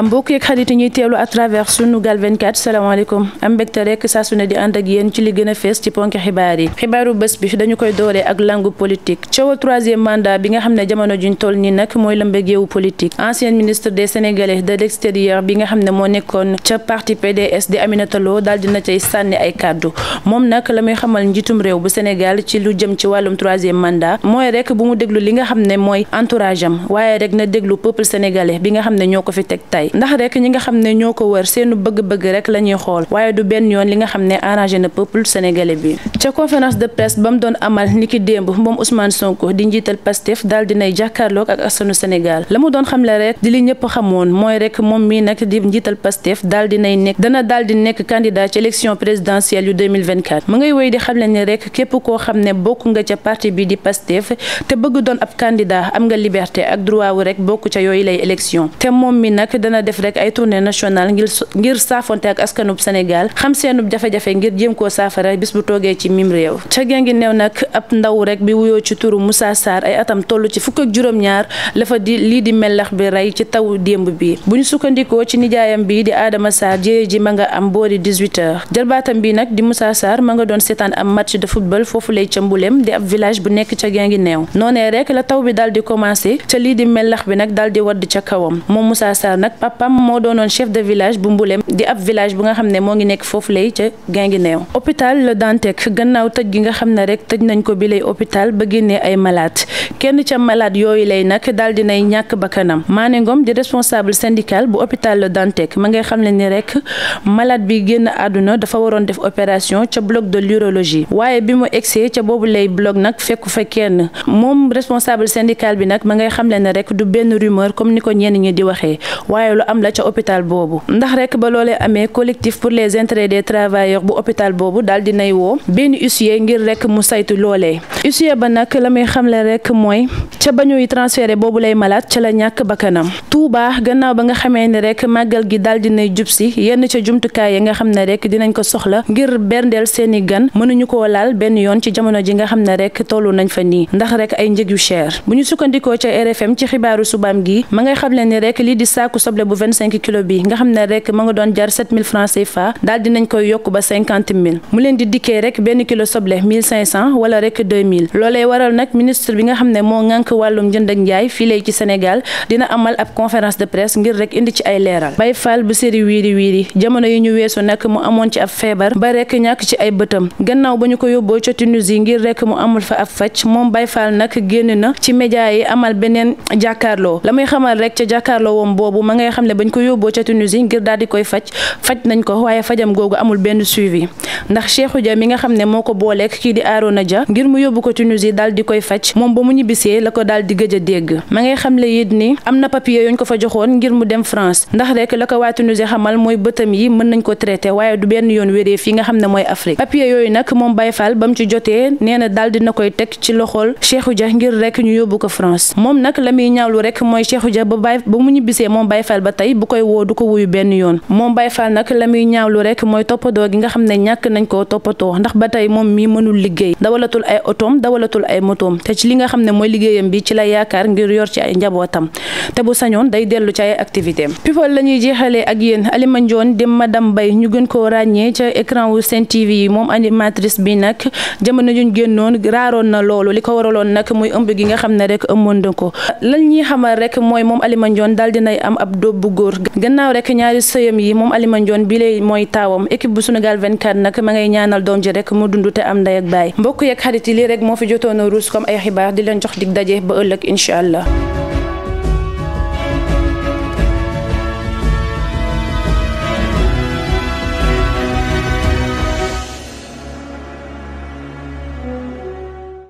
am mbokk yeeg xarit yi ñuy teewlu à travers Sunugal 24 salaamaaleykum am mbégte rek saa di ànd ak yéen ci li gën fees ci ponk xibaar yi xibaaru bés bi dañu koy dooree ak langue politique coowal troisième mandat bi nga xam ne jamono juñ toll nii nag mooy lëmbëgeewu politique ancien ministre des sénégalais de l'extérieur bi nga xam ne moo nekkoon ca parti PDS di Aminata Lo daal dina cay sànni ay kàddu moom nag la muy xamal njiitum réew bu Sénégal ci lu jëm ci wàllum troisième mandat mooy rek bu mu déglu li nga xam ne mooy entourage am waaye rek na déglu peuple sénégalais tey ndax rek ñi nga xam ne ñoo ko wër seenu bëgg-bëgg rek la ñuy xool waaye du benn yoon li nga xam ne arrangé na peuple sénégalais bi ca conférence de presse ba mu doon amal niki démb moom Ousmane Sonko di njiital Pastef daal dinay jàkkaarloog ak askanu Sénégal la mu doon xam le rek di li ñëpp xamoon mooy rek moom mii nag di njiital Pastef daal nay nekk dana daal di nekk candidat ci élection présidentielle yu 2024 mu ngay wéy di xam le ni rek képp koo xam ne bokk nga ca parti bi di Pastef te bëgg doon ab candidat am nga liberté ak droit wu rek bokk ca yooyu lay élection dana def rek ay tournée nationale ngir ngir saafonte ak askanub Sénégal xam seenub jafe-jafe ngir jéem koo saafara bis bu toogee ci mim réew ca Gengi Néew nag la fa di lii di melax bi rey ci taw démb bi bu ñu sukkandikoo ci nijaayam bi di Adama Sarr jéye ji ma nga am boori 18 heures jarbaatam bi nag di Moussa Sarr ma nga doon seetaan am match de football foofu lay ca Mbulem di ab village bu nekk ca Gengi Néew noonee rek la taw bi daal di commencé ca lii papam moo doonoon chef de village bu Mbulem di ab village bu nga xam ne moo ngi nekk foofu lay ca Guinguinéo hôpital Le Dantec gannaaw tëj gi nga xam ne rek tëj nañ ko bi lay hôpital ba génnee ay malade kenn ca malade yooyu lay nag daal dinay ñàkk bakkanam Mané Ngom di responsable syndical bu hôpital Le ma ngay xam ne ni rek malaat bi génn àdduna dafa waroon def opération ca bloc de l'urologie waaye bi mu egsee ca boobu lay bloc nag fekku fekk kenn moom responsable syndical bi nag ma ngay xam ne rek du benn rumeur comme ni ko ñenn ñi di waxee waaye waaye lu am la ca hôpital boobu ndax rek ba loolee amee collectif pour les intérêts des travailleurs bu hôpital boobu daal nay woo benn huissier ngir rek mu saytu loolee huissier ba nag la muy xamle rek mooy ca ba ñuy transféré boobu lay malade ca la ñàkk bakkanam Touba gannaaw ba nga xamee ni rek màggal gi daal di nay jub si yenn ca jumtukaay yi nga xam ne rek dinañ ko soxla ngir berndeel seeni gan mënuñu ko laal benn yoon ci jamono ji nga xam ne rek tollu nañ fa nii ndax rek ay njëg yu cher bu ñu sukkandikoo ca RFM ci xibaaru subaam gi ma ngay xamle entrée bu 25 kilos bi nga xam ne rek ma nga doon jar 7000 francs CFA daal dinañ koy yokk ba 50000 mu leen di dikkee rek benn kilo soble 1500 wala rek waral nag ministre bi nga xam ne moo ŋànk wàllum jënd ak njaay fii lay ci Sénégal dina amal ab conférence de presse ngir rek indi ci ay leeral Baye Fall bu séri wiiri wiiri jamono yi ñu weesu nag mu amoon ci ab feebar ba rek ñàkk ci ay bëtam gannaaw ba ñu ko yóbboo ca yi ngir rek mu amul fa ab faj moom Baye Fall nag génn na ci média yi amal beneen jàkkaarloo xam ne bañ ko yóbboo ca Tunisie ngir daal di koy faj faj nañ ko waaye fajam googu amul benn suivi ndax Cheikhou ja mi nga xam ne moo ko booleek kii di Arona ja ngir mu yóbbu ko Tunisie daal di koy faj moom ba mu ñibbisee la ko daal di gëj a dégg ma ngay xam le ni am na papier yuñ ko fa joxoon ngir mu dem France ndax rek la ko waa Tunisie xamal mooy bëtam yi mën nañ ko traité waaye du benn yoon wéree fii nga xam ne mooy Afrique papier yooyu nag moom Baye Fall ba mu ci jotee nee na daal dina koy teg ci loxol Cheikhou Dia ngir rek ñu yóbbu ko France moom nag la muy ñaawlu rek mooy Cheikhou Dia ba Baye ba mu ñibbisee moom Baye Fall ba tey bu koy woo du ko wuyu benn yoon moom bay Fall nag la muy ñaawlu rek mooy toppatoo gi nga xam ne ñàkk nañ koo toppatoo ndax ba tey moom mii mënul liggéey dawalatul ay otoom dawalatul ay motoom te ci li nga xam ne mooy liggéeyam bi ci la yaakaar ngir yor ci ay njabootam te bu sañoon day dellu ci ay activité am people la ñuy jeexalee ak yéen Alima Ndione di madame Baye ñu gën koo ràññee ca écran wu Sen TV moom animatrice bi nag jamono juñ génnoon raaroon na loolu li ko waraloon nag muy ëmb gi nga xam ne rek ëmmoon na ko lañ ñuy xamal mooy moom Alima Ndione daal dinay am ab bu góor gannaaw rek ñaari sëyam yi moom Alima Ndione bi lay mooy taawam équipe bu Sunugal 24 nag ma ngay ñaanal doom ji rek mu dund te am ndey ak baay mbokk yeeg xarit yi lii rek moo fi jotoon a ruus comme ay xibaar di leen jox dig daje ba ëllëg incha allah